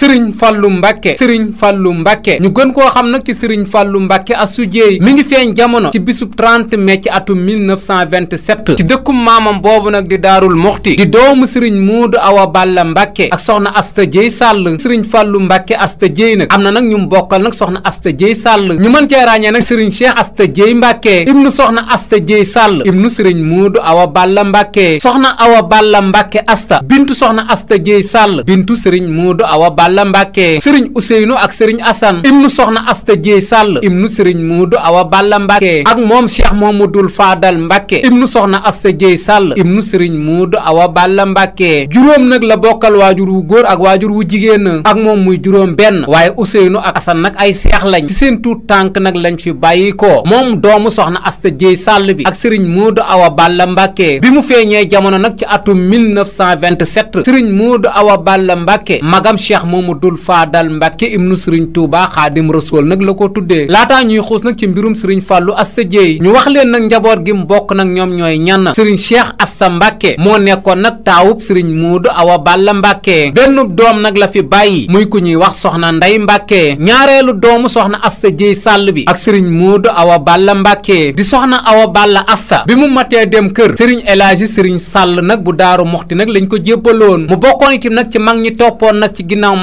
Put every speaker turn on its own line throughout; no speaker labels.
sëriñ fallu mbàkke sëriñ fallu mbàkke ñu gën koo xam nag ci sëriñ fàllu mbàkke asu jéey mi ngi feeñ jamono ci bisub 30 mai ci atum 1927 ci dëkku maamam boobu nag di daarul moxti di doomu sëriñ muudu awa balla mbàkke ak soxna asta jéey sall sëriñ fàllu mbàkke asta jéey nag am na nag ñu mbokkal nag soxna asta jéey sall ñu mën cee ràññee nag sëriñ cheikh asta jéey mbàkke ibnu soxna asta jéey sàll ibnu sëriñ muudu awa balla mbàkke soxna awa balla mbàkke asta bintu soxna asta jéey sàll bintu sëriñ muudu awa Balla Mbàkke sëriñ Ousseynou ak sëriñ Assane ibnu soxna Asta Dieye Sall ibnu sëriñ Muudu Awa Balla Mbàkke ak moom Cheikh Mamadul Faadal Mbàkke ibnu soxna Asta Dieye Sall ibnu sëriñ Muudu Awa Balla Mbàkke juróom nag la bokkal waajur wu góor ak waajur wu jigéen ak moom muy juróom benn waaye Ousseynou ak Assane nag ay seex lañ ci seen tuut tànk nag lañ fi bàyyi ko moom doomu soxna Asta Dieye Sall bi ak sëriñ Muudu Awa Balla Mbàkke bi mu feeñee jamono nag ci atum 1927 sëriñ Muudu Awa Balla Mbàkke magam Cheikh Mamadul Faadal Mbàkke ibnu Sëriñ Tuubaa Xaadim Rasuul nag la ko tuddee laataa ñuy xuus nag ci mbirum Sëriñ Fàllu Asta Jéey ñu wax leen nag njaboot gi bokk nag ñoom ñooy ñan Sëriñ Cheikh Asta Mbàkke moo nekkoon nag taawub Sëriñ Muudu Awa Balla Mbàkke benn doom nag la fi bàyyi muy ku ñuy wax Soxna Ndey Mbàkke ñaareelu doomu Soxna Asta Jéey Sàll bi ak Sëriñ Muudu Awa Balla Mbàkke di Soxna Awa Balla Asta bi mu matee dem kër Sëriñ Elaaji Sëriñ Sàll nag bu Daaru Moxti nag lañ ko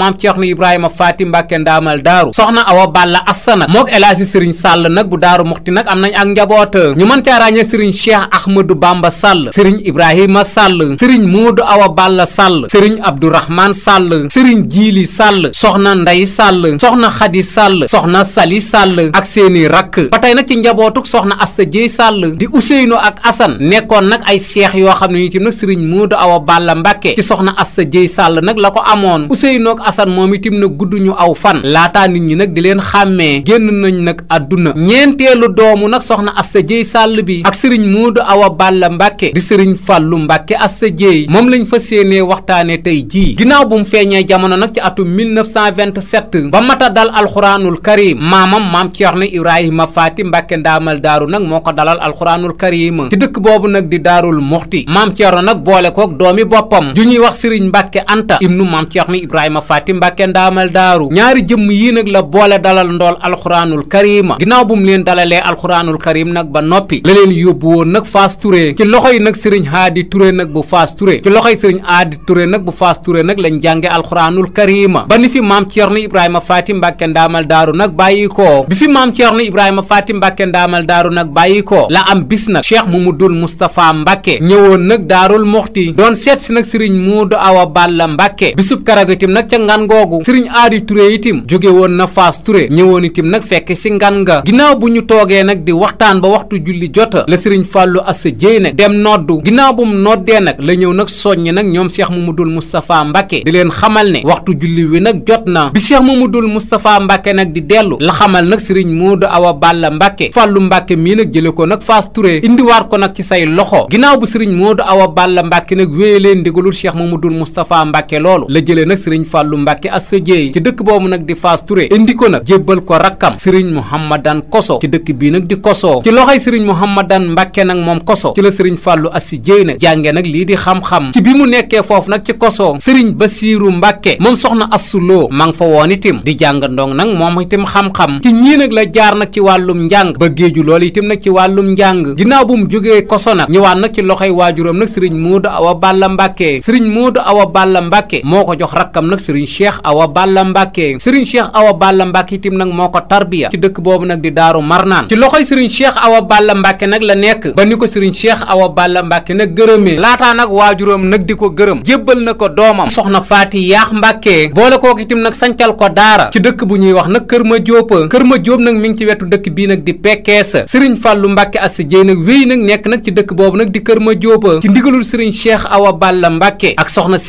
maam Ceerno Ibrahima Faati Mbàkke ndaamal daaru soxna Awa Balla Assa nag mook El Hadji Sall nag bu daaru muxti nag am nañ ak njaboota ñu mën caa ràññee Serigne Cheikh Ahmadou Bamba Sall Serigne Ibrahima Sall Serigne Modou Awa Balla Sall Serigne Abdourahman Sall Serigne Jiili Sall soxna Ndey sàll soxna Xadi Sall soxna Sali Sall ak seeni rakk ba tey nag ci njabootuk soxna as sa Sall di ak Assane nekkoon nag ay seex yoo xam ne ñu ci nag Serigne Modou la ko amoon Ousseynou ak asan moom itim na gudd ñu aw fan laataa nit ñi nag di leen xàmmee génn nañu nag àdduna ñeenteelu doomu nag soxna Asta Dieye Sall bi ak sëriñ Moodu Awa Balla Mbàkke di sëriñ Fàllu Mbàkke Asta Dieye moom lañ fa séenee waxtaane tey jii ginnaaw bu mu feeñee jamono nag ci atum 1927 ba mata dal alxuraanul karim maamam maam Ceerno Ibrahima Faati Mbàkke ndaamal daaru nag moo ko dalal alxuraanul karim ci dëkk boobu nag di daarul muxti maam Ceerno nag boole koog doomi Ibrahima Faati Faati Mbàkke ndaamal daaru ñaari jëmm yii nag la boole dalal ndool alxuraanul karima ginnaaw bu leen dalalee alxuraanul karim nag ba noppi la leen yóbbu woon nag Faas Touré ci loxoy nag sëriñ nag bu Faas Touré ci loxoy sëriñ Haadi Touré nag bu Faas Touré nag lañ jànge alxuraanul karima ba ni fi maam Ceerno Ibrahima Faati Mbàkke ndaamal daaru nag bàyyi ko bi fi maam Ceerno Ibrahima Faati Mbàkke ndaamal daaru nag bàyyi ko la am bis nag Cheikh Mamadul Moustapha Mbàkke ñëwoon nag daarul muxti doon seet si nag ngan googu sëriñ aadi Touré itim jóge woon na Faas Touré ñëwoon itim nag fekk si ngan nga ginnaaw bu ñu toogee nag di waxtaan ba waxtu julli jota la sëriñ Fallou Assa Dieye nag dem noddu ginnaaw bu mu noddee nag la ñëw nag soññ nag ñoom seex mu Cheikh Mamadou Moustapha Mbacké di leen xamal ne waxtu julli wi nag jot na bi mu dul Moustapha Mbacké nag di dellu la xamal nag sëriñ du Awa Balla Mbacké Fallou Mbacké mii nag jële ko nag Faas Touré indiwaat ko nag ci say loxo ginnaaw bu sëriñ Modou Awa Balla nag wéye leen ndigalul Cheikh Mamadou Moustapha Mbàkke Assa Dieye ci dëkk boobu nag di Fass Touré indi ko nag jébbal ko rakkam Serigne Mouhamadan Koso ci dëkk bii nag di Koso ci loxoy Serigne Mouhamadan Mbàkke nag moom Koso ci la Serigne Fallou Assa Dieye nag jànge nag lii di xam-xam ci bi mu nekkee foofu nag ci Koso Serigne Bassirou Mbàkke moom soxna assuloo ma ngi fa woon itim di jàng ndong nag moom itim xam-xam ci ñii nag la jaar nag ci wàllum njàng ba géeju loolu itim nag ci wàllum njàng ginnaaw bu mu jógee Koso nag ñëwaat nag ci loxoy waajuram nag Serigne Modou Awa Balla Mbàkke Serigne Modou Awa Balla Mbàkke moo ko jox Serigne Cheikh Awa Balla Mbacke Serigne Cheikh Awa Balla Mbacke itam moo ko tarbiya ci dëkk boobu nag di daaru Marnaan ci loxoy Serigne Cheikh Awa Balla Mbacke la nekk ba ni ko Serigne Cheikh Awa Balla Mbacke nag gërëmee laataa nag waajuram nag di ko gërëm jébbal na ko doomam soxna Faati Yaax Mbacke boole kooku itam nag sancal ko daara ci dëkk bu ñuy wax nag Kër Ma Jóob Kër Ma Jóob nag mi ci wetu dëkk bii nag di Pekkeesa Serigne Fàllu Mbacke Assa Jéey nag wéy nag nekk nag ci dëkk boobu nag di Kër Ma Jóob ci ndigalul Serigne Cheikh Awa Balla Mbacke ak soxna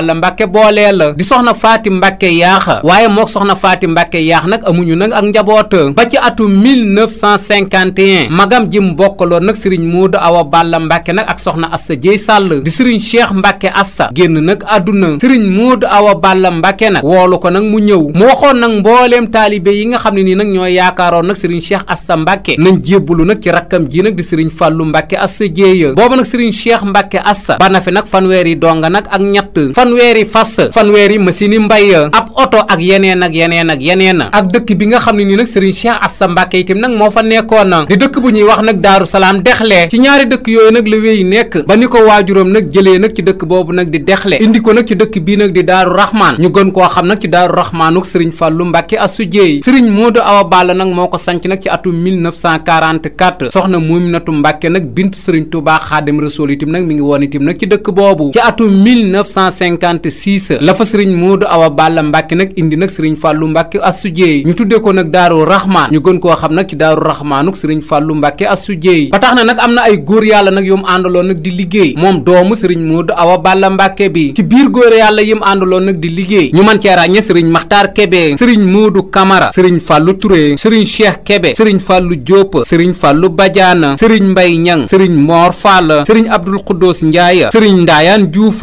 Balla Mbacke boolee la di soxna Faati Mbacke yaaxa waaye mook soxna Faati mbakke yaax nag amuñu nag ak njaboot ba ci atu 1951 magam ji mbokkaloon nag sëriñ Moodu Awa Balla Mbacke nag ak soxna Assa Dieye Sall di sëriñ Cheikh Mbacke Assa génn nag àdduna sëriñ Moodu Awa Balla Mbacke nag woolu ko nag mu ñëw mu waxoon nag mbooleem taalibe yi nga xam ne nii nag ñoo yaakaaroon nag sëriñ Cheikh Assa Mbacke nañ jébbalu nag ci rakkam ji nag di sëriñ Fallou Mbacke Assa Dieye booba nag sëriñ Cheikh Mbacke Assa ba na fi nag fanweeri donga nag ak ñett fanweeri fas fanweeri machine yi mbay ab oto ak yeneen ak yeneen ak yeneen ak dëkk bi nga xam ne nii nag Serigne Cheikh Assa Mbacke itam nag moo fa nekkoon di dëkk bu ñuy wax nag Daaru Salaam dexle ci ñaari dëkk yooyu nag la we wéy nekk ba ni ko waajuram nag jëlee nag ci dëkk boobu nag di dexle indi ko nag ci dëkk bii nag di Daaru Rahman ñu gën koo xam nag ci Daaru Rahmanuk Serigne Fallou Mbacke Assou Dieye Serigne Modou Awa Balla nag moo ko sanc nag ci atum 1944 soxna Mouminatou Mbacke nag bintu Serigne Touba Khadim Rasoul itam nag mi ngi woon itam nag ci dëkk boobu ci atum 1950 56 la fa sëriñ Modou Awa Balla Mbacke nag indi nag sëriñ Fallou Mbacke Assou Dieye ñu tuddee ko nag daaru Rahman ñu gën koo xam nag ci daaru Rahmanuk sëriñ Fallou Mbacke Assou Dieye ba tax na nag am na ay góor yàlla nag yu mu àndaloon nag di liggéey moom doomu sëriñ Modou Awa Balla Mbacke bi ci biir góor yàlla yi mu àndaloon nag di liggéey ñu man cee ràññee sëriñ Makhtar Kébé sëriñ Modou Camara sëriñ Fallou Touré sëriñ Cheikh Kébé sëriñ Fallou Diop sëriñ Fallou Badiane sëriñ Mbaye Niang sëriñ Mor Fall sëriñ Abdoul Khoudous Ndiaye sëriñ Ndayane Diouf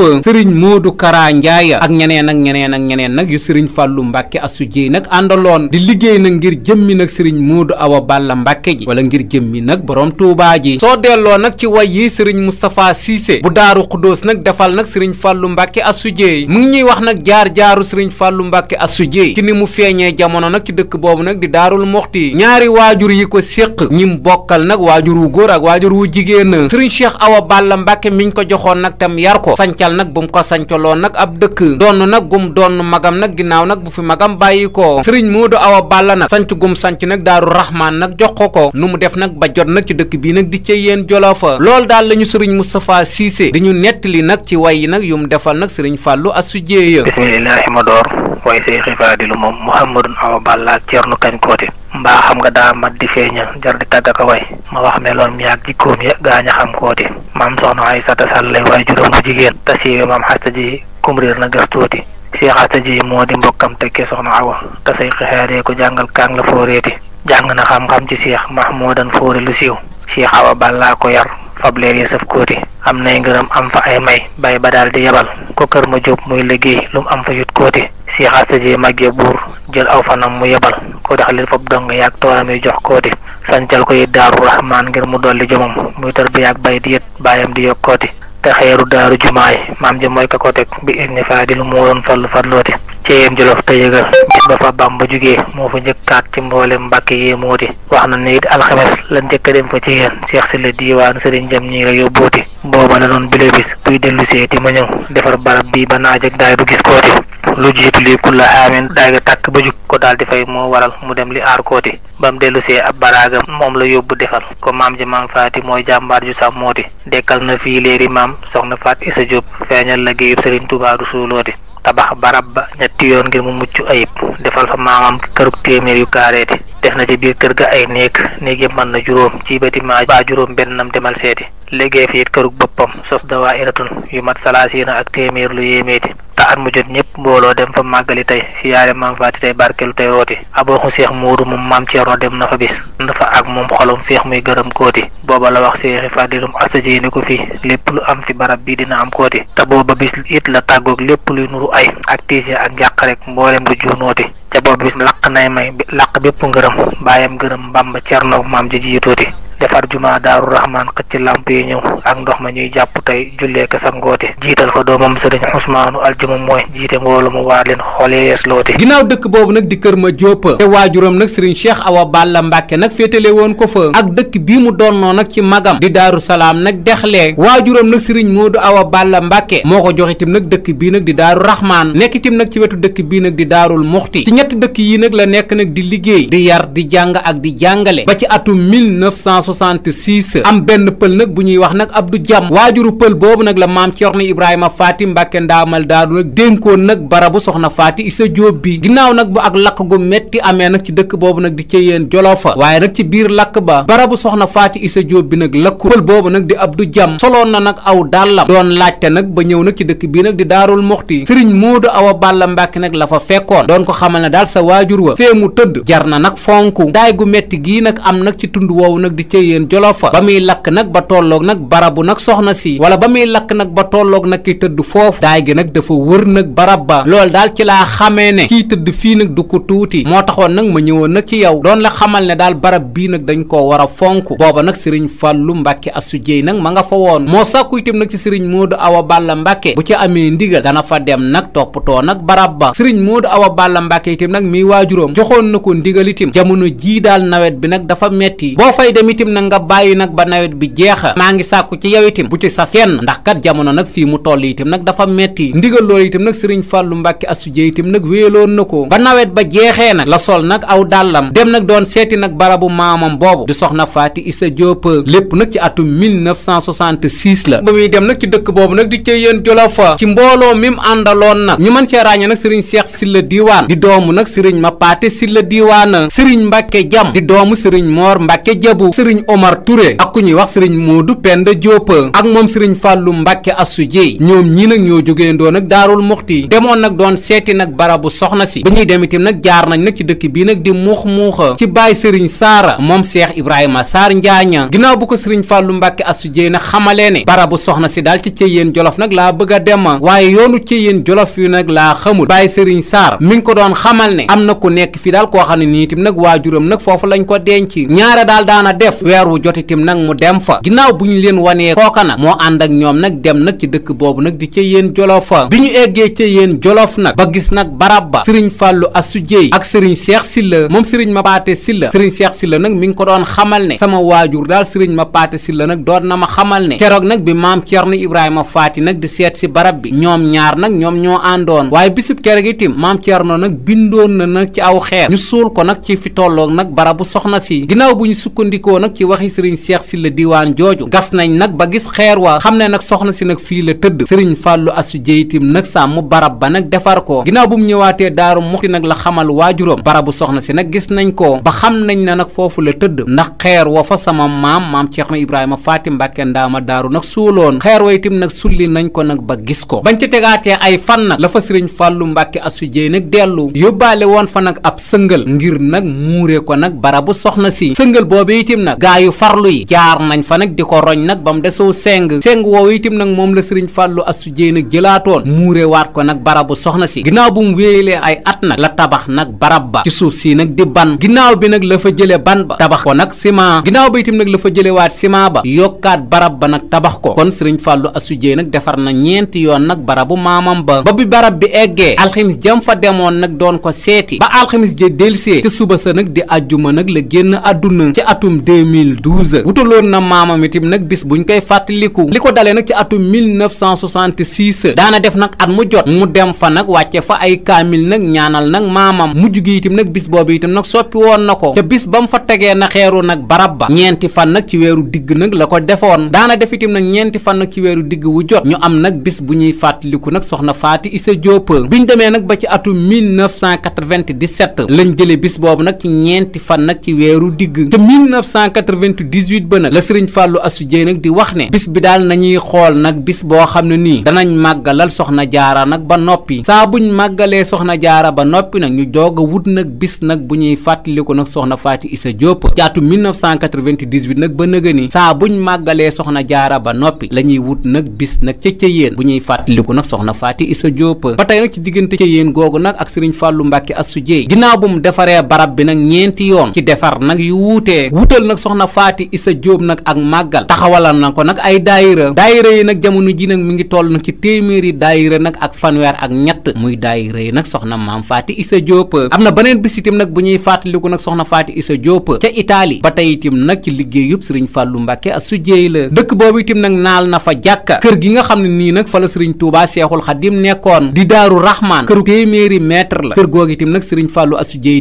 Kara Ndiaye ak ñeneen ak ñeneen ak ñeneen nag yu sëriñ Fàllu Mbàkke asu jéey nag àndaloon di liggéey nag ngir jëmmi nag sëriñ Moodu Awa Balla Mbàkke ji wala ngir jëmmi nag borom Touba ji soo delloo nag ci way yi sëriñ Moustapha Cissé bu Daaru Xudóos nag defal nag sëriñ Fàllu Mbàkke asu jéey mu ngi ñuy wax nag jaar-jaaru sëriñ Fàllu Mbàkke asu jéey ci ni mu feeñee jamono nag ci dëkk boobu nag di Daarul Moxti ñaari waajur yi ko séq ñim bokkal nag waa wu góor ak waajur wu jigéen sëriñ Cheikh Awa Balla ko joxoon nag ab dëkk doon nag gum doon magam nag ginnaaw nag bu fi magam bàyyi ko sëriñ Modou Awa Balla nag sanc gum sanc nag daaru raxmaan nag jox ko ko nu mu def nag ba jot nag ci dëkk bii nag di ca yéen jolofa loolu daal la ñu sëriñ Moustapha Cissé di ñu nettali nag ci way yi nag yu mu defal nag sëriñ fàllu Assou Dieye
bismillahi ma door way say xifaadilu moom Mouhamadou Awa Balla ak Cerno Kañ Koote mbaa xam nga daa mat di feeñal jar di tàgg ma wax meloom yaag jikkoom ya gaañ a xam kooti maam soxna ay sata sàll lay waay juróom bu jigéen te siiwe maam xasta ji kumriir na gëstuuti si xasta ji moo di mbokkam tekkee soxna awa te say xeexaaree ko jàngal kaang la fóoreeti jàng na xam-xam ci seex mahmudan fóori lu siiw seex awa bàllaa ko yar fableer ya saf kooti am nay ngërëm am fa ay may bay ba daal di yebal ko kër ma jóob muy liggéey jël aw fanam mu yebal ko dexalil foofu dong yaag toolam yi jox kooti sancal ko yit daaru rahmaan ngir mu dolli jomam muy tarbiya ak bay di yët baayam di yokkooti te xeeru daaru jumaay maam ji mooy ka ko teg bi isni moo doon farlu farlooti ceeyam jolof te yëgal bis ba fa bam ba jugee moo fa njëkkaat ci mboolem mbàkke yee wax na ne it alxames la njëkk dem fa ci yéen seex si la diiwaan sëriñ jam ñi la yóbbooti booba la doon bile bu lu jiitu lii la xaamin daagi tàkk ba jug ko daal di fay moo waral mu dem li aar kooti ba mu dellusee ab baraaga moom la yóbbu defal ko maam ji maam faati mooy jàmbaar ju sàmmooti dekkal na fii léeri maam soxna faat isa jóob feeñal la géeyub sëriñ tubaa du suulooti tabax barab ba ñetti yoon ngir mu mucc ayib defal fa maamam këruk téeméer yu kaareeti def na ci biir kër ga ay néeg néeg man na juróom ci bâtiment baa juróom bennam demal seeti léegi fii it këruk boppam sos dawaa iratun yu mat salaasiina ak téeméer lu yéemeeti te at mu jot ñëpp mbooloo dem fa màggali tey siyaare maam faati tey barkeelu tey rooti abooxu seex muudu moom maam Ceerno dem na fa bis ànd fa ak moom xolom feex muy gërëm kooti booba la wax seexi ko fi lépp lu am fi barab bi dina am kooti te ay ak tiis ak jàq rek mboolem lu juunoote ca boobu bis làq nay may làq bépp ngërëm baayam ngërëm mbàmba cerno maam ji tuuti defar juma daaru rahman xëcc làmp yi ñëw ak ndox ma ñuy jàpp tey jullee ka sa ngoote jiital fa doomam sëriñ Ousmaanu aljuma mooy jiite mboolu mu waa leen xoolee
ginnaaw dëkk boobu nag di kër ma jóopa te waajuram nag sëriñ Cheikh Awa Balla Mbàkke nag féetale woon ko fa ak dëkk bii mu doonnoo nag ci magam di daaru salaam nag dexlee waajuram nag sëriñ moo Moodu Awa Balla Mbàkke moo ko jox itam nag dëkk bii nag di daaru rahman nekk itam nag ci wetu dëkk bii nag di daarul muxti ci ñetti dëkk yi nag la nekk nag di liggéey di yar di jàng ak di jàngale ci atum 19 1966 am benn pël nag bu ñuy wax nag Abdou Jam waajuru pël boobu nag la maam Cerno Ibrahima Faati Mbàkke ndaamal daaru nag dénkoon nag barabu soxna Faati sa Jóob bi ginnaaw nag bu ak lakk gu metti amee nag ci dëkk boobu nag di cëyeen jolofa waaye nag ci biir lakk ba barabu soxna Faati Isa Jóob bi nag lakku pël boobu nag di ab Abdou Jam soloon na nag aw dàllam doon laajte nag ba ñëw nag ci dëkk bii nag di daarul muxti sëriñ Moodu Awa Balla Mbàkke nag la fa fekkoon doon ko ne daal sa waajur wa mu tëdd jar na nag fonku ca yéen jolofa ba muy lakk nag ba tolloog nag barabu nag soxna si wala ba muy lakk nag ba tollook nag ki tëdd foofu daay nag dafa wër nag barab ba loolu daal ci laa xamee ne kii tëdd fii nag du ko tuuti moo taxoon nag ma ñëwoon nag ci yow doon la xamal ne daal barab bii nag dañ koo war a fonk booba nag sëriñ fàllu mbàkke asu jéey nag ma nga fa woon moo sàkku itam nag sëriñ moodu awa balla mbàkke bu ci amee ndigal dana fa dem nag toppatoo nag barab ba sëriñ moodu awa balla mbàkke itam nag mi waajuróom joxoon na ko ndigal itam jamono jii daal nawet bi nag dafa metti boo fay dem itam itim nag nga bàyyi nag ba nawet bi jeexa maa ngi sàkku ci yow itim bu ci sas yenn ndax kat jamono nag fii mu toll itim nag dafa metti ndigal loolu itim nag sëriñ fàllu mbàkke asuje itim nag wéeloon na ko ba nawet ba jeexee nag la sol nag aw dàllam dem nag doon seeti nag barabu maamam boobu di soxna faati isa Diop lépp nag ci atum 1966 la ba muy dem nag ci dëkk boobu nag di cey yéen jolo fa ci mbooloo mi mu àndaloon nag ñu mën cee ràññe nag sëriñ seex silla diiwaan di doomu nag sëriñ ma paate silla diiwaana sëriñ mbàkke jam di doomu sëriñ sëriñ Omar Touré ak ku ñuy wax sëriñ Modou Penda Diop ak moom sëriñ Fallou Mbacke Assou Dieye ñoom ñii nag ñoo jógee doon nag daarul muxti demoon nag doon seeti nag barabu soxna si bi ñuy dem itam nag jaar nañ nag ci dëkk bii nag di muux muuxa ci baay sëriñ Saara moom Cheikh Ibrahima Sarr Njaaña ginnaaw bu ko sëriñ Fallou Mbacke Assou na nag xamalee ne barabu soxna si daal ci Ceyeen Jolof nag laa bëgg a dem waaye yoonu Ceyeen Jolof yu nag laa xamul baay sëriñ Saar mi ngi ko doon xamal ne am na ku nekk fii daal koo xam ne nii itam nag waajuram nag foofu lañ ko weer wu jot itam nag mu dem fa ginnaaw bu ñu leen wanee kooka nag moo ànd ak ñoom nag dem nag ci dëkk boobu nag di ca yéen jolof fa bi ñu eggee ca yéen jolof nag ba gis nag barab ba sëriñ fàllu asu jéey ak sëriñ seex silla moom sëriñ ma paate silla sëriñ seex silla nag mi ngi ko doon xamal ne sama waajur daal sëriñ ma paate silla nag doon na ma xamal ne keroog nag bi maam Cerno Ibrahima Faati nag di seet si barab bi ñoom ñaar nag ñoom ñoo àndoon waaye bisub keroog itam maam Cerno nag bindoon na nag ci aw xeer ñu suul ko nag ci fi tolloog nag barabu soxna si sukkandikoo nag ci waxi sëriñ si Sylla diwaan jooju gas nañ nag ba gis xeer waa xam ne nag soxna si nag fii la tëdd sëriñ Fàllu Asu Jeyitim nag sàmm barab ba nag defar ko ginnaaw bu mu ñëwaatee daaru muxti nag la xamal waajuram barabu soxna si nag gis nañ ko ba xam nañ ne nag foofu la tëdd ndax xeer wa fa sama maam maam Cheikh Ibrahima Faati Mbàkke ndaama daaru nag suuloon xeer wa itam nag sulli nañ ko nag ba gis ko bañ ci tegaatee ay fan nag la fa sëriñ Fàllu Mbàkke Asu Jeey nag dellu yóbbaale woon fa nag ab sëngal ngir nag muuree ko nag gaa yu farlu yi jaar nañ fa nag di ko roñ nag ba mu desoo seng seng woowu itam nag moom la sëriñ fàllu asu jéen ak jëlaatoon muure waat ko nag barabu soxna si ginnaaw bu mu wéyelee ay at nag la tabax nag barab ba ci suuf si nag di ban ginnaaw bi nag la fa jële ban ba tabax ko nag ciment ginnaaw bi itam nag la fa jële waat ciment ba yokkaat barab ba nag tabax ko kon sëriñ fàllu asu jéen nag defar na ñeenti yoon nag barabu maamam ba ba bi barab bi eggee alxamis jam fa demoon nag doon ko seeti ba alxamis ja delsee ci suba sa 2012 wutaloon na maamam itam nag bis ñu koy fàttaliku li ko dalee nag ci atum 1966 daana def nag at mu jot mu dem fa nag wàcce fa ay kaamil nag ñaanal nag maamam mujj gi itam nag bis boobu itam nag soppi woon na ko ca bis ba mu fa tegee na xeeru nag barab ba ñeenti fan nag ci weeru digg nag la ko defoon daana def itam nag ñeenti fan nag ci weeru digg wu jot ñu am nag bis bu ñuy fàttaliku nag soxna Faati Isa Diop ñu demee nag ba ci atum 1997 lañ jëlee bis boobu nag ñeenti fan nag ci weeru digg 1998 ba nag la sëriñ Fallou Assou Dieng nag di wax ne bis bi daal nañuy xool nag bis boo xam ne nii danañ màggalal soxna jaara nag ba noppi saa buñ màggalee soxna jaara ba noppi nag ñu doog a wut nag bis nag bu ñuy fàttaliku nag soxna Faati Isa Diop jaatu 1998 nag ba nëga ni saa buñ màggalee soxna jaara ba noppi la ñuy wut nag bis nag ca ca yéen bu ñuy fàttaliku nag soxna Faati Isa Diop ba tey nag ci diggante ca yéen googu nag ak sëriñ fàllu Mbacke Assou Dieng ginnaaw bu mu defaree barab bi nag ñeenti yoon ci defar nag yu wuutee wutal nag soxna faati isa jóob nag ak màggal taxawalal na ko nag ay daayira daayira yi nag jamono ji nag mi ngi toll na ci téeméeri daayira nag ak fanweer ak ñett muy daayira yi nag soxna maam faati isa jóob am na beneen bis itam nag bu ñuy fàttaliku nag soxna faati isa jóob ca itaali ba tey itam nag ci liggéeyub sëriñ fàllu mbàkke ak sujjeey la dëkk boobu itam nag naal na fa jàkka kër gi nga xam ne nii nag fa la sëriñ tuubaa seexul xadim nekkoon di daaru raxmaan këru téeméeri mètre la kër googu itam nag sëriñ fàllu asujjeey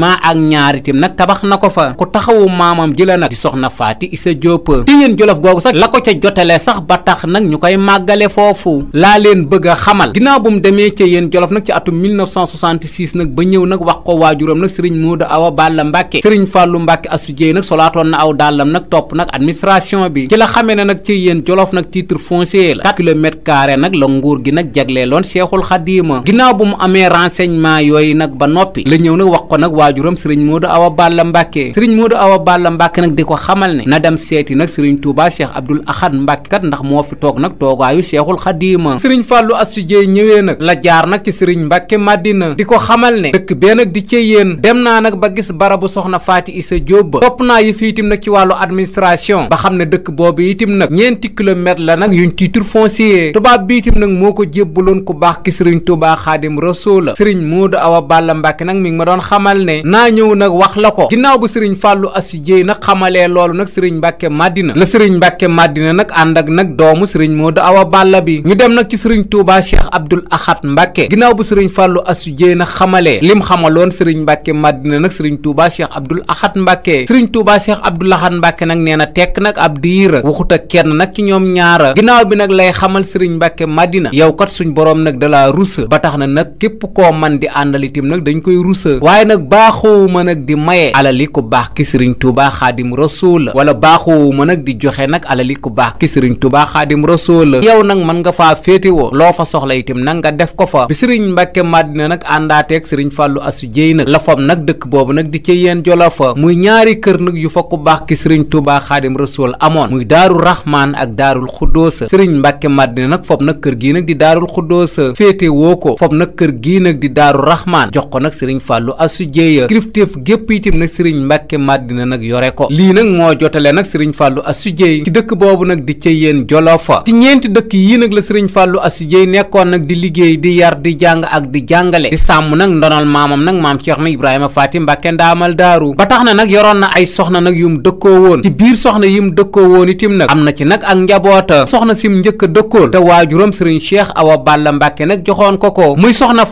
na ak ñaar nag tabax na ko fa ku taxawu maamam ji la nag di soxna faati isa Diop ci yéen jolof googu sax la ko ca jotale sax ba tax nag ñu koy màggale foofu laa leen bëgg a xamal ginnaaw bu mu demee ca yéen jolof nag ci atum nag ba ñëw nag wax ko waajuram nag sëriñ Moodu Awa Balla Mbàkke sëriñ Fàllu Mbàkke asujey nag solaatoon na aw dàllam nag topp nag administration bi ci la xamee ne nag ci yéen jolof nag titre foncier la 4 kilomètres carré nag la sëriñ Modou Awa Balla Mbàkke sëriñ Modou Awa Balla Mbàkke nag di ko xamal ne na dem seeti nag sëriñ Touba Cheikh Abdoul Ahad Mbàkke kat ndax moo fi toog nag toogaayu Cheikhul Xadima sëriñ Fàllu Astu Jeey ñëwee nag la jaar nag ci sëriñ Mbàkke Madina di ko xamal ne dëkk bee nag di ca yéen dem naa nag ba gis barabu soxna Faati sa Jóob ba topp naa yi fi itim nag ci wàllu administration ba xam ne dëkk boobu itim nag ñeenti kilomètre la nag yuñ titre foncier tubaab bi itim nag moo ko jébbaloon ku baax ki sëriñ Touba Xaadim Rasul la maa ñëw nag wax la ko ginnaaw bu sëriñ fàllu asi jéey nag xamalee loolu nag sëriñ mbàkke màddina la sëriñ mbàkke màddina nag ànd ak nag doomu sëriñ moo moodu awa bàlla bi ñu dem nag ci sëriñ tuubaa cheikh abdul axat mbàkke ginnaaw bu sëriñ fàllu asi jéey nag xamalee lim xamaloon sëriñ mbàkke màddina nag sëriñ tuubaa cheikh abdul axat mbàkke sëriñ tuubaa cheikh abdul axat mbàkke nag nee na tekk nag ab diir waxut ak kenn nag ci ñoom ñaara ginnaaw bi nag lay xamal sëriñ mbàkke màddina yow kat suñu boroom nag da laa rusa ba tax na nag képp koo man di àndal itam nag dañ koy rusa waaye nag baaxoo baaxoowuma nag di maye alali ku baax ki sëriñ Tuuba xaadim rasul wala baaxoowuma nag di joxe nag alali ku baax ki sëriñ Tuuba xaadim rasul yow nag mën nga faa féetewoo loo fa soxla itam nag nga def ko fa bi sëriñ Mbàkke Madina nag àndaateeg sëriñ Fàllu Asu Jéy nag la fam nag dëkk boobu nag di ci yéen jola fa muy ñaari kër nag yu fa ku baax ki sëriñ tubaa xaadim rasul amoon muy daaru raxmaan ak daarul xuddoosa sëriñ Mbàkke Madina nag fob nag kër gii nag di daarul xuddoosa féetewoo ko fob nag kër gii nag di daaru raxmaan jox ko nag sëriñ Fàllu Asu kilifteef gépp itam nag sëriñ Mbàkke Madina nag yore ko lii nag moo jotale nag sëriñ Fàllu Astu Jéey ci dëkk boobu nag di Ceyeen Jolofa ci ñeenti dëkk yii nag la sëriñ Fàllu Astu Jéey nekkoon nag di liggéey di yar di jàng ak di jàngale di sàmm nag ndonal maamam nag maam Cheikh ma Ibrahima Faati Mbàkke ndaamal daaru ba tax na nag yoroon na ay soxna nag yum dëkkoo woon ci biir soxna yum dëkkoo woon itam nag am na ci nag ak njaboota soxna sim njëkk a dëkkool te waajuram sëriñ Cheikh Awa Balla Mbàkke nag joxoon ko ko muy soxna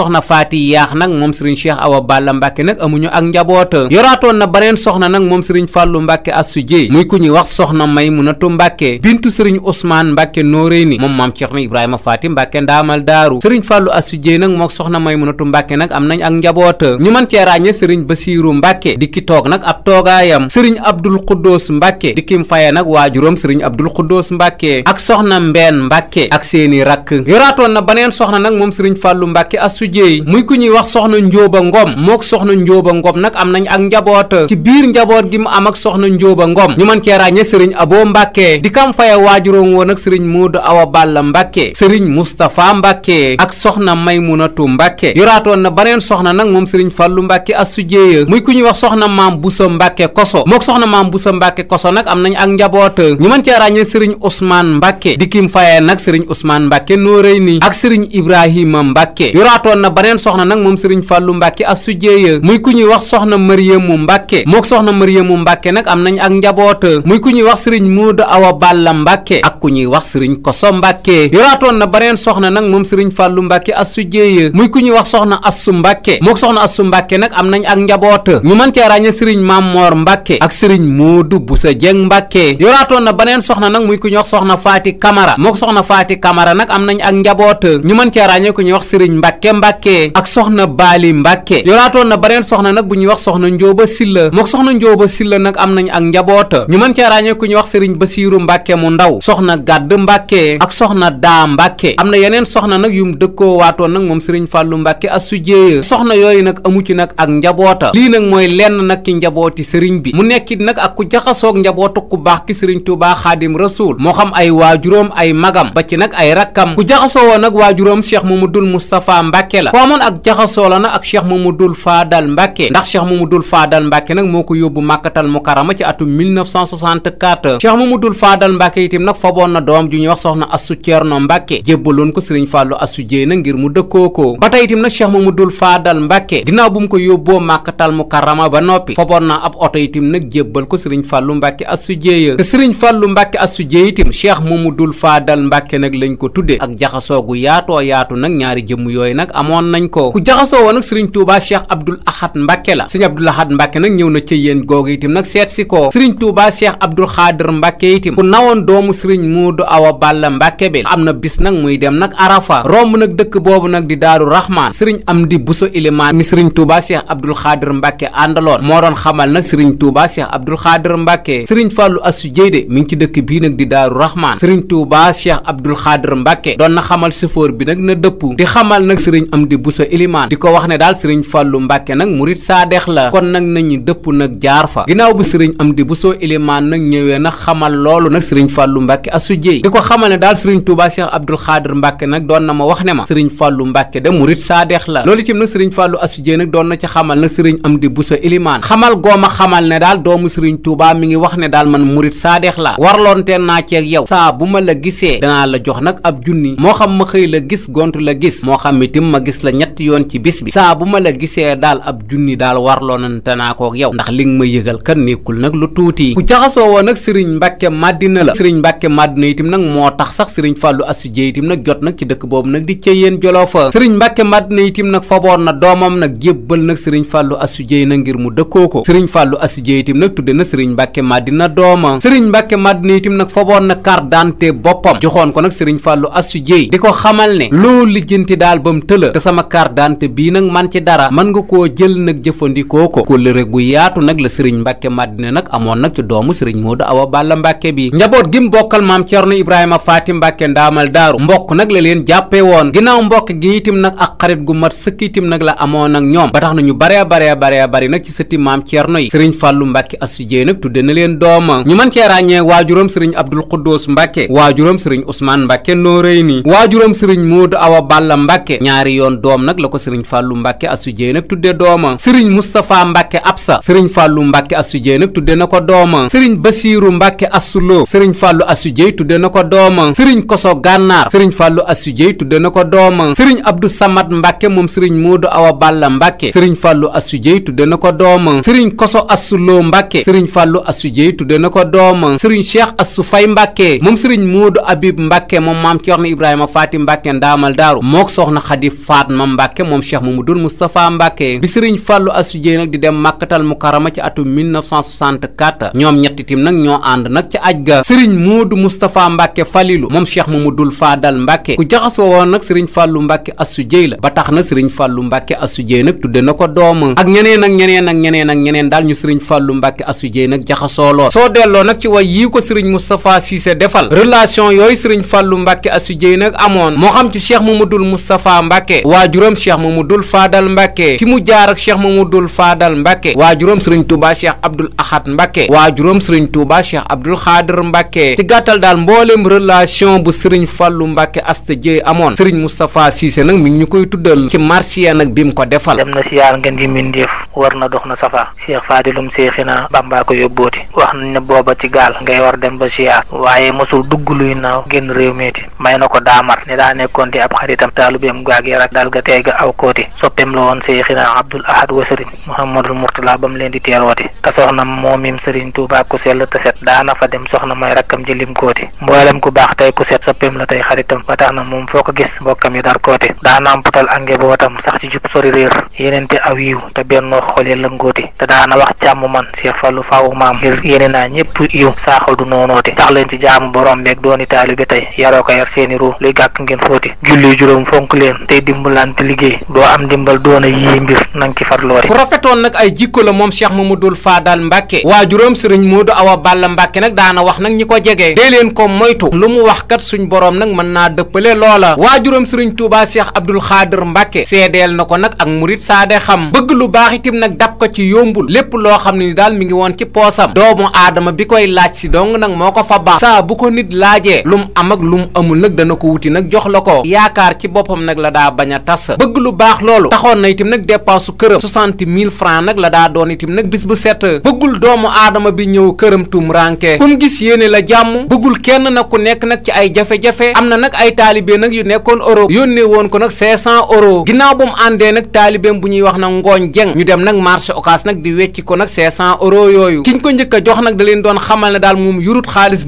soxna faati yaax nag moom sëriñ cheikh awa balla mbàkke nag amuñu ak njaboot yoraatoon na baneen soxna nag moom sëriñ fàllu mbàkke assu jéey muy ku ñuy wax soxna maymunatu mbàkke bintu sëriñ ousmaan mbàkke nooréyni moom maam ceerno ibrahima faati mbàkke ndaamal daaru sëriñ fàllu assu jéey nag mook soxna maymunatu mbàkke nag am nañ ak njaboot ñu mën cee ràññe sëriñ basiiru mbàkke di ki toog nag ab toogaayam sëriñ abdul xuddoos mbàkke di kim faye nag waajuram sëriñ abdul xuddoos mbàkke ak soxna mbeen mbàkke ak seeni rakk yoraatoon na baneen soxna nag moom jéey muy ku ñuy wax soxna njóoba ngom mook soxna njóoba ngom nag am nañu ak njaboot ci biir njaboot gi mu am ak soxna njóoba ngom ñu mën cee ràññe sëriñ aboo mbàkke di kam faye waajuróom woon ak sëriñ moodu awa balla mbàkke sëriñ mustapha mbàkke ak soxna maymunatu mbàkke yoraatoon na baneen soxna nag moom sëriñ fàllu mbàkke asu jéeya muy ku ñuy wax soxna maam bu busa mbàkke koso mook soxna maam sa mbàkke koso nag am nañ ak njaboot ñu mën cee ràññe sëriñ ousmane mbàkke di kim faye nag sëriñ ousmane mbàkke nóoréy ni ak sëriñ ibrahima mbàkke yoraatoon takkoon na baneen soxna nag moom sëriñ fàllu mbàkke asujjeeya muy ku ñuy wax soxna mariamu mbàkke mook soxna mariamu mbàkke nag am nañ ak njaboot ku ñuy wax sëriñ muudu awa balla mbàkke ak ku ñuy wax yoraatoon na baneen soxna nag moom sëriñ fàllu mbàkke muy ku ñu mën cee ràññe sëriñ mammoor mbàkke ak sëriñ muudu busa na baneen soxna nag muy ku ñuy wax soxna faati kamara mook soxna faati kamara nag am nañ ak njaboot ñu mën cee ràññe ku wax sëriñ mbàkke mbàkke mbàkke ak soxna baali mbàkke yoraatoon na bareen soxna nag bu ñuy wax soxna njóoba silla mook soxna njóoba silla nag am nañ ak njaboota ñu mën cee ràññee ku ñuy wax sëriñ basiiru mbàkke mu ndaw soxna gàdd mbàkke ak soxna daa mbàkke am na yeneen soxna nag yum dëkkoo waatoon nag moom sëriñ fàllu mbàkke asu jéeya soxna yooyu nag amu ci nag ak njaboota lii nag mooy lenn nag ci njabooti sëriñ bi mu nekkit nag ak ku jaxasoog njabootu ku baax ki sëriñ tuubaa xaadim rasuul moo xam ay waajuróom ay magam ba Mbacke la ku amoon ak jaxasoo la nag ak Cheikh Mamadou Fadal Mbacke ndax mu dul faadal Mbacke nag moo ko yóbbu màkkatal mukarama ci atum 1964 Cheikh Mamadou Fadal Mbacke itam nag faboon na doom ju ñuy wax soxna Assu Thierno Mbacke jébbaloon ko Serigne Fallou Assu Dieng ngir mu dëkkoo ko ba tey itam nag Cheikh Mamadou Fadal Mbacke ginnaaw bu mu ko yóbboo màkkatal mukarama ba noppi faboon na ab oto itam nag jébbal ko Serigne Fallou Mbacke Assu Dieng te Serigne Fallou Mbacke Assu Dieng itam mu dul faadal Mbacke nag lañ ko tuddee ak jaxasoo gu yaatoo yaatu nag ñaari jëmm yooyu nag am amoon nañ ko ku jaxasoo woon ak sëriñ Touba Cheikh Abdoul Ahad Mbacke la sëriñ Abdoul Ahad Mbacke nag na ci yéen nag seet si ko sëriñ Touba Cheikh Abdoul Xaadir Mbacke itam ku nawoon doomu sëriñ Muudu Awa Balla Mbacke bi am na bis nag muy dem nag Arafa romb nag dëkk boobu nag di Daaru Rahman sëriñ Amdi Buso Ilimaan mi sëriñ Touba Cheikh Abdoul Xaadir Mbacke àndaloon moo doon xamal nag sëriñ Touba Cheikh Abdoul Xaadir Mbacke sëriñ Fàllu Asu Jéyde mi ngi ci dëkk bii nag di Daaru Rahman sëriñ Touba Cheikh Abdoul Xaadir Mbacke Amdi Buso Ilimaan di ko wax ne daal sëriñ Fàllu Mbàkke nag murit saadeex la kon nag nañu dëpp nag jaar fa ginnaaw bu sëriñ Amdi Buso Ilimaan nag ñëwee nag xamal loolu nag sëriñ Fàllu Mbàkke asu di ko xamal ne daal sëriñ Tuubaa Cheikh Abdul Xaadir Mbàkke nag doon na ma wax ne ma sëriñ Fàllu Mbàkke de murit saadeex la loolu itam nag sëriñ Fàllu asu jéy nag doon na ci xamal nag sëriñ Amdi Buso Ilimaan xamal gooma xamal ne daal doomu sëriñ Tuubaa mi ngi wax ne daal man murit saadeex la warloonte naa ceeg yow saa bu ma la gisee danaa la jox nag ab junni moo gis la ñetti yoon ci bis bi saa bu ma la gisee daal ab junni daal warloo naa kook yow ndax li nga ma yëgal kan nekkul nag lu tuuti ku jaxasoo woon nag sëriñ Mbàkke Madina la sëriñ Mbàkke Madina itam nag moo tax sax sëriñ Fàllu Asu Jéey itam nag jot nag ci dëkk boobu nag di cëyeen Jolofa na doomam nag jébbal nag sëriñ Fàllu Asu Jéey na ngir mu dëkkoo ko sëriñ Fàllu Asu Jéey itam nag tudde na sëriñ Mbàkke Madina dooma sëriñ Mbàkke Madina itam nag faboon na carte d'identité boppam joxoon ko nag sëriñ Fàllu Asu Jéey di ko xamal te sama carte d'identité bii nag man ci dara mën nga koo jël nag jëfandikoo ko kóllëre gu yaatu nag la sëriñ mbàkke madina nag amoon nag ci doomu sëriñ moodu awa balla mbàkke bi njaboot gi mu bokkal maam cerno ibrahima faati mbàkke ndaamal daaru mbokk nag la leen jàppee woon ginnaaw mbokk gi itam nag ak xarit gu mat sëkk itam nag la amoon ak ñoom ba tax na ñu baree baree baree bari nag ci sëtti maam cerno yi sëriñ fàllu mbàkke asujee nag tudde na leen dooma ñu mën cee ràññee waajuram sëriñ abdul xuddoos mbàkke waajuram sëriñ usmaan mbàkke nóoréy ni waajuram sëriñ moodu awa balla mbàkke ñaari yoon doom nag la ko sëriñ fàllu mbàkke asu jéey nag tudde dooma sëriñ mustapha mbàkke absa sëriñ fàllu mbàkke asu jéey nag tudde na ko dooma sëriñ basiiru mbàkke asuloo sëriñ fàllu asu jéey tudde na ko dooma sëriñ koso gànnaar sëriñ fàllu asu jéey tudde ko dooma sëriñ abdu samad mbàkke moom sëriñ moodu awa balla mbàkke sëriñ fàllu asu jéey tudde na ko dooma sëriñ koso asuloo mbàkke sëriñ fàllu asu jéey tudde ko dooma sëriñ cheikh asu fay mbàkke moom sëriñ moodu abib mbàkke moom maam ceerno ibrahima faati mbàkke ndaamal daaru mook soxna xadi Fatma Mbacke moom Cheikh Mamadou Moustapha Mbacke bi sëriñ Fallou Assou Dieng nag di dem màkkatal mukarama ci atum 1964 ñoom ñetti tim nag ñoo ànd nag ca aj ga sëriñ Modou Moustapha Mbacke Falilou moom Cheikh Mamadou Fadal Mbacke ku jaxasoo woon nag sëriñ Fallou Mbacke Assou la ba tax na sëriñ Fallou Mbacke Assou Dieng nag tudde na ko doom a ñeneen ak ñeneen ak ñeneen ak ñeneen daal ñu sëriñ Fallou Mbacke Assou Dieng nag jaxasoo lool soo delloo nag ci way yii ko sëriñ Moustapha Mbacke waajuram cheikh Mamadul Fadal Mbacke fi mu jaar ak cheikh Mamadul Fadal Mbacke waajuram sëriñ Touba cheikh Abdoul Ahad Mbacke waajuram sëriñ Touba cheikh Abdoul Xaadir Mbacke ci gàttal daal mboolem relation bu sëriñ Fallou Mbacke Asta Dieye amoon sëriñ Moustapha Cissé nag mi ngi ñu koy tuddal ci marsiya nag bi mu ko defal. dem na siyaar ngeen ji mbindeef war na dox na safa cheikh Fadilum Seexina
Bamba ko yóbbooti wax na ne booba ci gaal ngay war dem ba siyaar waaye mosul dugg luy naaw génn réew meeti dal aw kooti soppeem la woon Seexina Abdul Ahad wa sëriñ Muhammadul Murtala ba mu leen di teel woote te soxna moomim sëriñ Tuubaa ku sell te set daana fa dem soxna mooy rakkam ji lim kooti mboolem ku baax tey ku set soppeem la tey xaritam ba tax na moom foo ko gis mbokkam yi dar kooti daana am putal ange bootam sax ci jub sori réer yeneente aw yiw te wax càmm man Seex Fallu faawu maam ngir yéene naa yiw saaxal du noonoote sax leen ci jaamu borom meeg dooni taalibe tey yaroo ko yar seeni ruu luy gàkk ngeen ambulante liggéey doo am dimbal doona yii mbir nanga ci farlu wari ku
rafetoon nag ay jikko la moom Cheikh Mamadou Fadal Mbacke waajuram sëriñ Modou Awa Balla Mbacke nag daana wax nag ñi ko jege dee leen ko moytu lu mu wax kat suñ boroom nag mën naa dëppale loola waajuram sëriñ Touba Cheikh Abdoul Khadir Mbacke seedeel na ko nag ak murit saade xam bëgg lu baax itim nag dab ko ci yombul lépp loo xam ne ni daal mu ngi woon ci poosam doomu aadama bi koy laaj si dong nag moo ko fa baax saa bu ko nit la ko yaakaar ci boppam nag la bañ a tas bëgg lu baax loolu taxoon na itam nag dépensu këram soixante mille francs nag la daa doon itam nag bis bu set bëggul doomu aadama bi ñëw këram tum ranke kum gis yéene la jàmm bëggul kenn nag ku nekk nag ci ay jafe-jafe am na nag ay taalibe nag yu nekkoon Europe yónnee woon ko nag cinq ginnaaw bu àndee nag taalibeem bu ñuy wax nag ngooñ jeng ñu dem nag marché occas nag di wecci ko nag cinq yooyu kiñ ko njëkk a jox nag da leen doon xamal ne daal moom yurut xaalis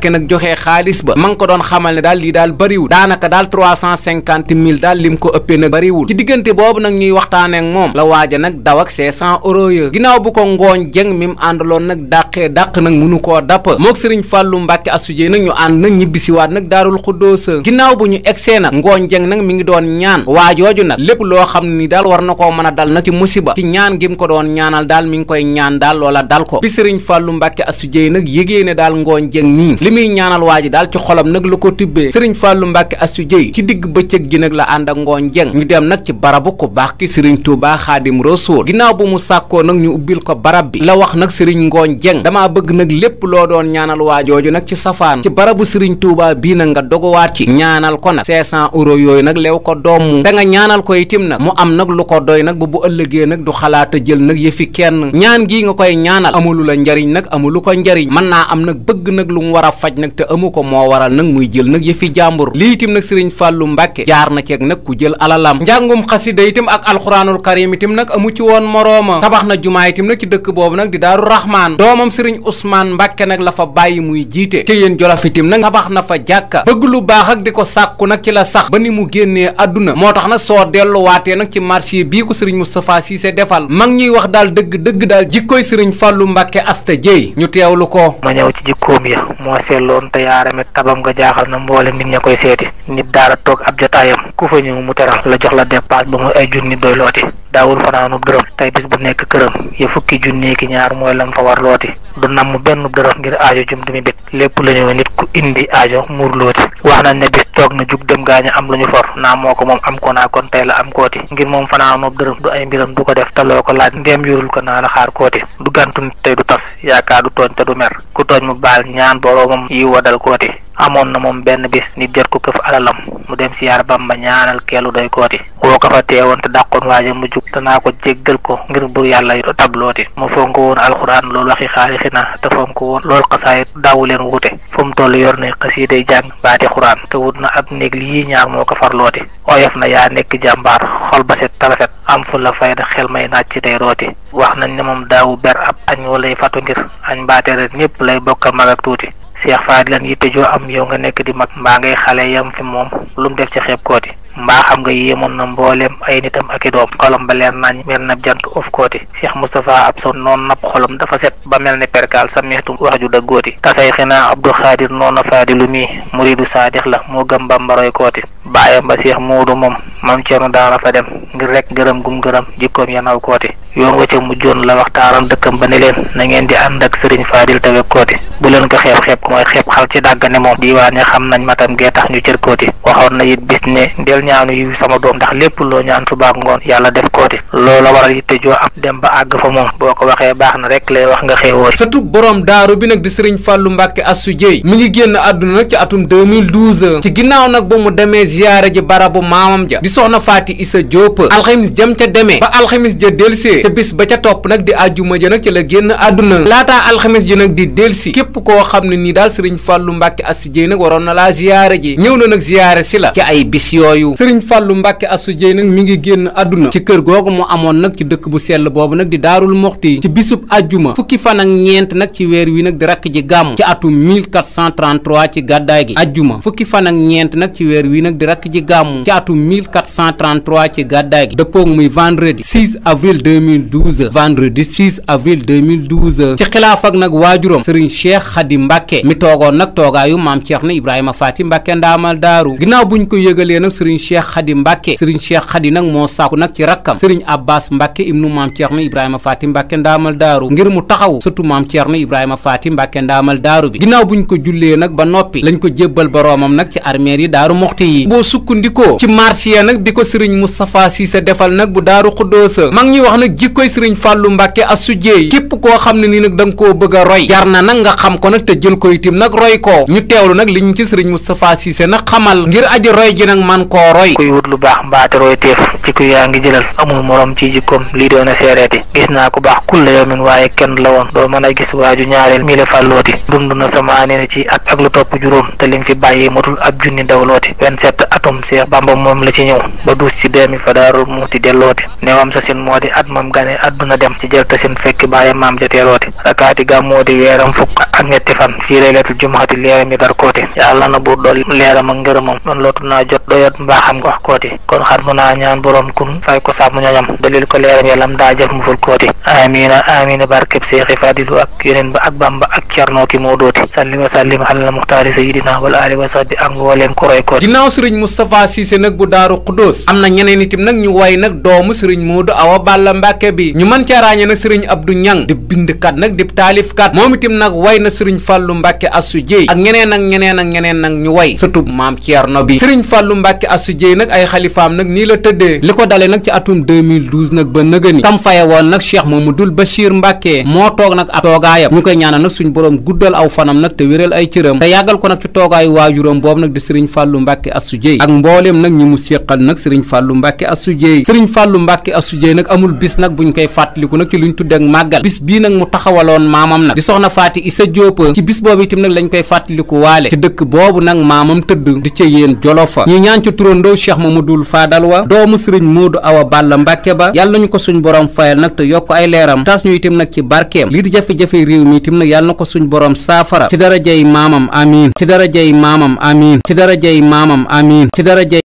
Mbàkke nag joxee xaalis ba ma ngi ko doon xamal ne daal lii daal bëriwul daanaka daal trois cent cinquante mille daal lim ko ëppee nag bëriwul ci diggante boobu nag ñuy waxtaanee moom la waaja nag daw ak cinq cent ya ginnaaw bu ko ngooñ jëng mi mu àndaloon nag dàqee dàq nag mu nu ko dàpp mook sëriñ Fàllu Mbàkke asujee nag ñu ànd nag ñibbisiwaat nag daarul xuddoosa ginnaaw bu ñu egsee nag ngooñ jëng nag mi ngi doon ñaan waajooju nag lépp loo xam ni daal war na koo mën a dal nag ci musiba ci ñaan gi ko doon ñaanal daal mi ngi koy ñaan daal ko bi sëriñ Fàllu Mbàkke asujee nag yëgee ne daal ngooñ jëng nii li muy ñaanal waa ji daal ci xolam nag lu ko tibbee sëriñ fàllu mbàkke astu jëy ci digg bëccëg ji nag la ànd ak ngooñ jeng ñu dem nag ci barabu ko baax ki sëriñ tuubaa xaadim rasuul ginnaaw bu mu sàkkoo nag ñu ubbil ko barab bi la wax nag sëriñ ngoon jeng damaa bëgg nag lépp loo doon ñaanal waa jooju nag ci safaan ci barabu sëriñ tuubaa bii nag nga doguwaat ci ñaanal ko nag 500 euros yooyu nag lew ko doom da nga ñaanal ko itim nag mu am nag lu ko doy nag bu bu ëllëgee nag du xalaata jël nag yëfi kenn ñaan gii nga koy ñaanal amulu la njariñ nag amulu ko njariñ mën naa am nag bëgg nag lu daa faj nag te amu ko moo waral nag muy jël nag yëfi jàmbur lii itam nag sëriñ Fàllu Mbàkke jaar na ceeg nag ku jël alalam njàngum xasida itam ak alxuraanul karim itam nag amu ci woon morooma tabax na jumaa itam nag ci dëkk boobu nag di daaru raxmaan doomam sëriñ Ousmane Mbàkke nag la fa bàyyi muy jiite ci yéen jolof itam nag tabax na fa jàkka bëgg lu baax ak di ko sàkku nag ci la sax ba ni mu génnee àdduna moo tax nag soo delluwaatee nag ci marché bii ko sëriñ Moustapha Cissé defal mag ñuy wax daal dëgg dëgg daal jikkooy sëriñ Fàllu Mbàkke asta jéey ñu teewlu ko yaa selloon te yaa rame tabam
nga jaaxal na mboole nit ña koy seeti nit daara toog ab jotaayam ku fa ñëw mu teral la jox la dépasse ba mu ay junni doy looti daawul fanaanu dërëm tay bis bu nekk këram ya fukki junni ki ñaar mooy lam fa war looti du namm benn dorof ngir aajo jum du mu bég lépp la ñu nit ku indi aajo muurlooti wax na ne bis toog na jug dem gaañu am lu ñu for naa moo ko moom am ko naa kon tey la am kooti ngir moom fanaanoob dërëm du ay mbiram du ko def te ko laaj ndeem yorul ko naa la xaar kooti du gantu nit tey du tas yaakaar du tooñ te du mer ku tooñ mu baal ñaan boroomam yi wadal kooti amoon na moom benn bis nit jot ko këf alalam mu dem siyaar Bamba ñaanal keelu doy kooti woo ko fa teewoon te dàqoon waaja mu jub danaa ko jéggal ko ngir bur yàlla tablooti mu fonk woon alxuraan loolu waxi xaalixi na te fonk woon loolu xasaayit daawu leen wuute fu mu toll yor na xasiiday jàng baati xuraan te wut na ab néeg lii ñaar moo ko farlooti oyof na yaa nekk jàmbaar xol ba tarafet am fu la fayda xel may naaj ci tey rooti wax nañ ne moom daawu ber ab añ walay fatu ngir añ mbaatere ñépp lay tuuti Cheikh Faat lan yitte joo am yow nga nekk di mag mbaa ngay xale yam fi moom lu mu def ci xeeb kooti mbaa xam nga yéemoon na mbooleem ay nitam ak i doom xolam ba leer nañ mel na jant of kooti Cheikh Moustapha ab son noonu nab xolam dafa set ba mel ne perkaal sa meextu wax ju dëggooti tasay xinaa Abdou Xaadir noona faadilu mii muridu saadix la moo gëm bambaroy kooti baayam ba Cheikh Muudu moom mam dem ngir rek gërëm gum gërëm jikkoom ya naw kooti yoon wa ca mujjoon la waxtaaram dëkkam ba ne leen na ngeen di ànd ak sëriñ faadil tawe kooti bu leen ko xeeb xeeb mooy xeeb xal ci dàgg ne moom diiwaan ña xam nañ matam gee tax ñu cër kooti waxoon na it bis ne defal ñaanu yi sama doom ndax lépp loo ñaan
subaak ngoon yàlla def kooti loola waral yitte joo am dem ba àgg fa moom boo ko waxee baax na rek lay wax nga xéewoo sëtub borom daaru bi nag di sëriñ Fàllu Mbàkke Astu Jéey mi ngi génn àdduna nag ci atum 2012 ci ginnaaw nag ba mu demee ziyaare ji barabu maamam ja di soxna Faati Isa Jóob alxamis jëm ca demee ba alxamis ja delsee ca bis ba ca topp nag di àjjuma ja nag ci la génn àdduna laataa alxamis ji nag di delsi képp koo xam réew sëriñ fàllu mbàkke asu jéy nag mi ngi génn àdduna ci kër googu mu amoon nag ci dëkk bu sell boobu nag di daarul moxti ci bisub àjjuma fukki fan ak ñeent nag ci weer wi nag di rakk ji gàmm ci atum 1433 ci gàddaay gi àjjuma fukki fan ak ñeent nag ci weer wi nag di rakk ji gàmm ci atum 1433 ci gàddaay gi dëppoog muy vendredi 6 avril 2012 vendredi 6 avril 2012 ci xilaaf ak nag waajuram sëriñ cheikh xadi mbàkke mi toogoon nag toogaayu maam ceex na ibrahima faati mbàkke ndaamal daaru Cheikh Khady Mbacke Serigne Cheikh Khady nag moo sàkku nag ci rakkam Serigne Abbas Mbacke ibnu maam Thierno Ibrahima Faty Mbacke ndaamal daaru ngir mu taxaw surtout maam Thierno Ibrahima Faty Mbacke ndaamal daaru bi ginnaaw buñ ko jullee nag ba noppi lañ ko jébbal boroomam nag ci armeel yi daaru moxti yi boo ci marché ya nag bi ko Serigne Moustapha Cissé defal nag bu daaru mag ñi wax nag jikkoy Serigne Fallou Mbacke asujjeey képp koo xam ni nag da nga koo a roy jar na nag nga xam ko nag te jël ko itim nag roy ko ñu teewlu nag liñ moo roy
kuy wut lu baax mbaate roy teef jikko yaa ngi jëlal amul morom ci jikkoom lii doon a seereeti gis naa ku baax kulla yawmin waaye kenn la doo mën a gis waaju ñaareel mi la fàllooti dund na sama nee na ci at ak lu topp juróom te lim fi bàyyi matul ab junni dawlooti vingt-sept la ci ñëw ba duus ci neewam sa sin moo at moom gane adduna dem ci jël te sin fekki bàyyi maam ja teelooti rakaati gàmmoo di weeram fukk ak ñetti fan fii laylatul jumaati leeram yi dar kooti yàlla daa xam gox kooti kon xar mu naa ñaan borom kun fay ko sàmm ñoñam dalil ko leeram yàllam daa jëf mu ful kooti amina amina barkeb seexi fadilu ak yeneen ba ak bamba ak carnoo ki moo dooti sallima sallim alal muxtaari sayidina wala ali wa sahbi ak mbooleem ko roy
kooti ginnaaw sëriñ Moustapha Cissé nag bu daaru xudóos am na ñeneen itam nag ñu woy nag doomu sëriñ Moodu Awa Balla Mbàkke bi ñu mën caa nag sëriñ Abdou Ñang di di taalifkat moom nag way na sëriñ Massi Dieye nag ay xalifaam nag nii la tëddee li ko dalee nag ci atum 2012 nag ba nëgëni kam faye woon nag Cheikh Mamadou Bachir Mbacke moo toog nag ab toogaayam ñu koy ñaanal nag suñ boroom guddal aw fanam nag te wéral ay cëram te yàggal ko nag ci toogaayu waajuram boobu nag di Serigne Fallou Mbacke Assou Dieye ak mbooleem nag ñi mu séqal nag Serigne Fallou Mbacke Assou Dieye Serigne Fallou Mbacke Assou Dieye nag amul bis nag buñ koy fàttaliku nag ci luñ tuddee ak màggal bis bii nag mu taxawaloon maamam nag di soxna Faati Isa Diop ci bis boobu nag lañ koy fàttaliku waale dëkk boobu nag maamam tëdd turandoo cheikh mamadul faadal wa doomu sëriñ moodu awa balla mbàkke ba yàlla nañu ko suñ borom fayal nag te yokk ay leeram taas ñu itam nag ci barkeem lii di jafe-jafe réew mi itam nag yàlla na ko suñ borom saafara ci darajay maamam amiin ci darajay maamam amiin ci darajay maamam